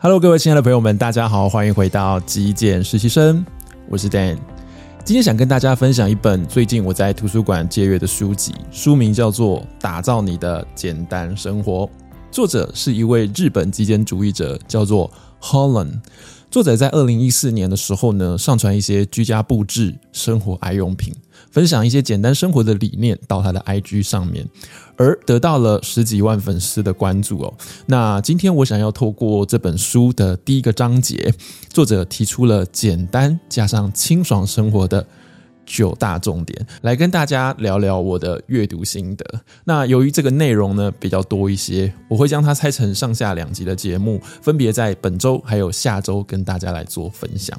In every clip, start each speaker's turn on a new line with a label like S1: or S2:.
S1: Hello，各位親愛的朋友們，大家好，歡迎回到極簡實習生，我是 Dan。今天想跟大家分享一本最近我在圖書館借閱的書籍，書名叫做《打造你的簡單生活》，作者是一位日本極簡主義者，叫做 holon。作者在二零一四年的時候呢，上傳一些居家布置、生活愛用品，分享一些簡單生活的理念到他的 IG 上面，而得到了十幾萬粉絲的關注哦。那今天我想要透過這本書的第一個章節，作者提出了簡單加上清爽生活的九大重點來跟大家聊聊我的閱讀心得。那由於這個內容呢比較多一些，我會將它拆成上下兩集的節目，分別在本周還有下周跟大家來做分享。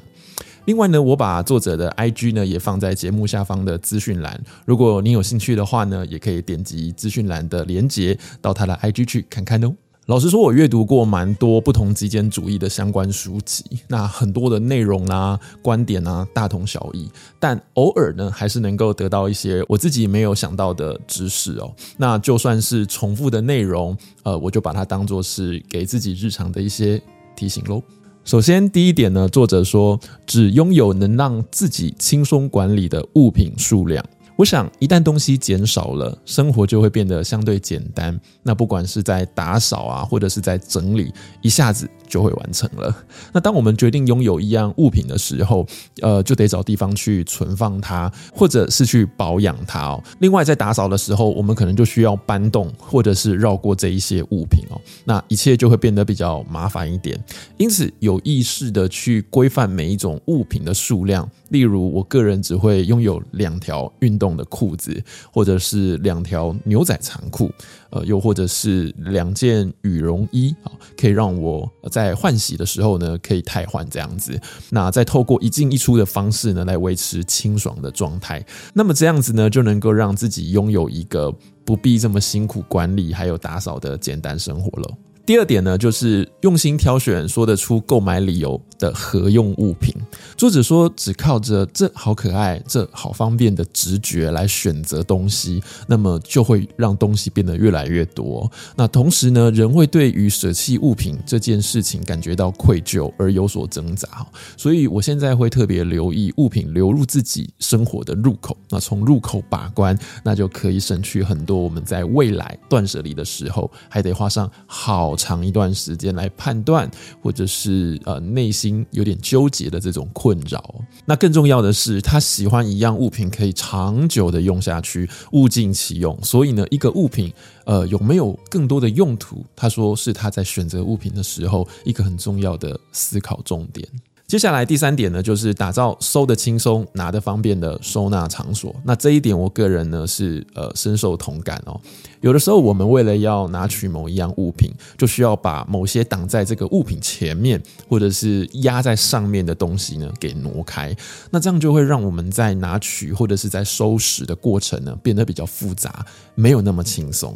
S1: 另外呢，我把作者的 IG 呢也放在節目下方的資訊欄，如果你有興趣的話呢，也可以點擊資訊欄的連結到他的 IG 去看看哦。老實說，我閱讀過蠻多不同極簡主義的相關書籍，那很多的內容啊、觀點啊，大同小異。但偶爾呢，還是能夠得到一些我自己沒有想到的知識哦。那就算是重複的內容，呃，我就把它當作是給自己日常的一些提醒嘍。首先，第一點呢，作者說，只擁有能讓自己輕鬆管理的物品數量。我想，一旦東西減少了，生活就會變得相對簡單。那不管是在打掃啊，或者是在整理，一下子就會完成了。那當我們決定擁有一樣物品的時候，呃，就得找地方去存放它，或者是去保養它哦。另外，在打掃的時候，我們可能就需要搬動，或者是繞過這一些物品哦。那一切就會變得比較麻煩一點。因此，有意識的去規範每一種物品的數量，例如，我個人只會擁有兩條運動的褲子，或者是兩條牛仔長褲，呃，又或者是兩件羽絨衣啊、哦，可以讓我在換洗的時候呢，可以汰換這樣子。那再透過一進一出的方式呢，來維持清爽的狀態。那麼這樣子呢，就能夠讓自己擁有一個不必這麼辛苦管理還有打掃的簡單生活了。第二點呢，就是用心挑選，說得出購買理由的合用物品。作者說，只靠着“這好可愛”“這好方便”的直覺來選擇東西，那麼就會讓東西變得越來越多。那同時呢，人會對於捨棄物品這件事情感覺到愧疚而有所掙扎。所以，我現在會特別留意物品流入自己生活的入口。那從入口把關，那就可以省去很多我們在未來斷舍離的時候還得花上好長一段時間來判斷，或者是呃內心有點糾結的這種困擾。那更重要的是，他喜歡一樣物品可以長久的用下去，物盡其用。所以呢，一個物品呃有沒有更多的用途，他說是他在選擇物品的時候一個很重要的思考重點。接下來第三點呢，就是打造收得輕鬆、拿得方便的收納場所。那這一點，我個人呢是呃深受同感哦。有的時候，我們為了要拿取某一樣物品，就需要把某些擋在這個物品前面或者是壓在上面的東西呢給挪開。那這樣就會讓我們在拿取或者是在收拾的過程呢變得比較複雜，沒有那麼輕鬆。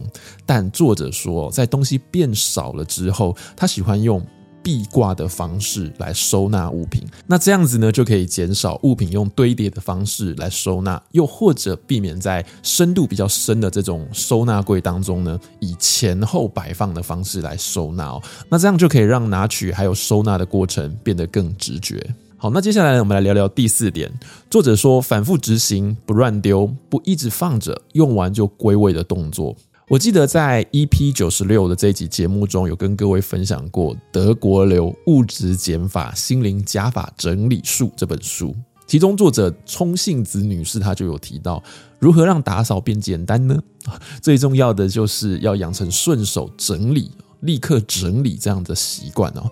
S1: 但作者說，在東西變少了之後，他喜歡用壁掛的方式來收納物品，那這樣子呢就可以減少物品用堆疊的方式來收納，又或者避免在深度比較深的這種收納櫃當中呢，以前後擺放的方式來收納哦。那這樣就可以讓拿取還有收納的過程變得更直覺。好，那接下來我們來聊聊第四點，作者說反復執行不亂丟、不一直放着、用完就歸位的動作。我記得在 EP 九十六的這一集節目中，有跟各位分享過《德國流物質減法、心靈加法、整理術》這本書，其中作者沖幸子女士她就有提到，如何讓打掃變簡單呢？最重要的就是要養成順手整理，立刻整理這樣的習慣哦。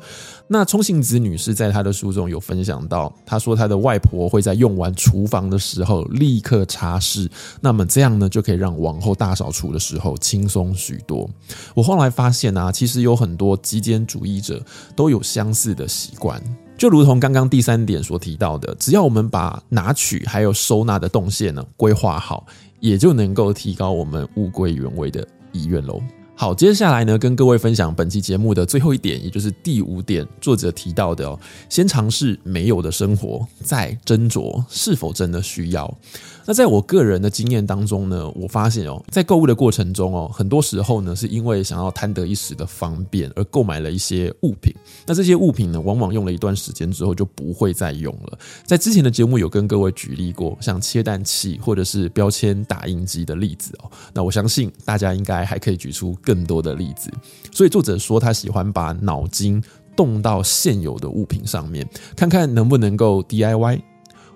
S1: 那沖幸子女士在她的書中有分享到，她說她的外婆會在用完廚房的時候立刻擦拭，那麼這樣呢就可以讓往後大掃除的時候輕鬆許多。我後來發現啊，其實有很多極簡主義者都有相似的習慣，就如同剛剛第三點所提到的，只要我們把拿取還有收納的動線呢規劃好，也就能夠提高我們物歸原位的意願嘍。好，接下來呢，跟各位分享本期節目的最後一點，也就是第五點，作者提到的哦，先嘗試沒有的生活，再斟酌是否真的需要。那在我個人的經驗當中呢，我發現哦，在購物的過程中哦，很多時候呢，是因為想要貪得一時的方便而購買了一些物品。那這些物品呢，往往用了一段時間之後就不會再用了。在之前的節目有跟各位舉例過，像切蛋器或者是標籤打印機的例子哦。那我相信大家應該還可以舉出更。更多的例子，所以作者說他喜歡把腦筋動到現有的物品上面，看看能不能夠 DIY，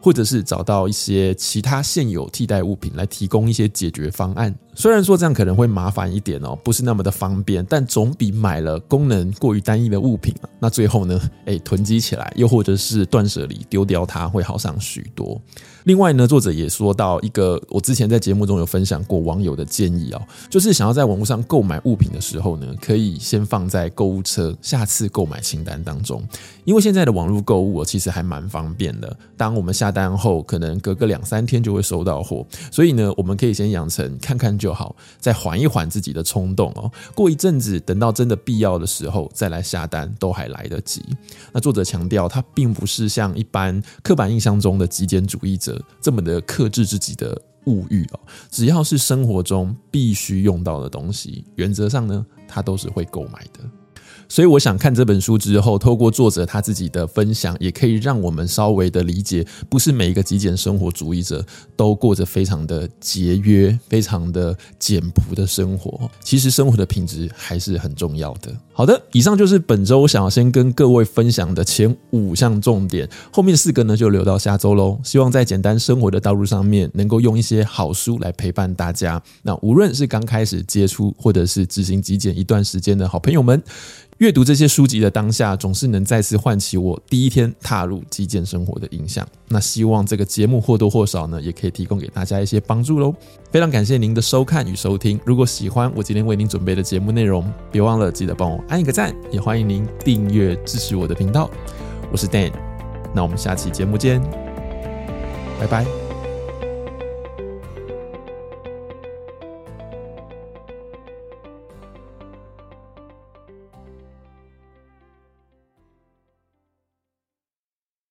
S1: 或者是找到一些其他現有替代物品來提供一些解決方案。雖然說這樣可能會麻煩一點哦、喔，不是那麼的方便，但總比買了功能過於單一的物品，那最後呢，誒、欸，囤積起來，又或者是斷舍離丟掉它，會好上許多。另外呢，作者也說到一個我之前在節目中有分享過網友的建議哦、喔，就是想要在網絡上購買物品的時候呢，可以先放在購物車下次購買清單當中，因為現在的網絡購物其實還蠻方便的。當我們下單後，可能隔個兩三天就會收到貨，所以呢，我們可以先養成看看就。就好，再緩一緩自己的衝動哦。過一陣子，等到真的必要的時候再來下單，都還來得及。那作者強調，他並不是像一般刻板印象中的極簡主義者這麼的克制自己的物欲哦。只要是生活中必須用到的東西，原則上呢，他都是會購買的。所以我想看這本書之後，透過作者他自己的分享，也可以讓我們稍微的理解，不是每一個極簡生活主義者都過着非常的節約、非常的簡樸的生活。其實生活的品質還是很重要的。好的，以上就是本周我想要先跟各位分享的前五項重點，後面四個呢就留到下周嘍。希望在簡單生活的道路上面，能夠用一些好書來陪伴大家。那無論是剛開始接觸或者是執行極簡一段時間的好朋友們。閱讀這些書籍的當下，總是能再次喚起我第一天踏入極簡生活的印象。那希望這個節目或多或少呢，也可以提供給大家一些幫助嘍。非常感謝您的收看與收聽。如果喜歡我今天為您準備的節目內容，別忘了記得幫我按一個讚，也歡迎您訂閱支持我的頻道。我是 Dan，那我們下期節目見，拜拜。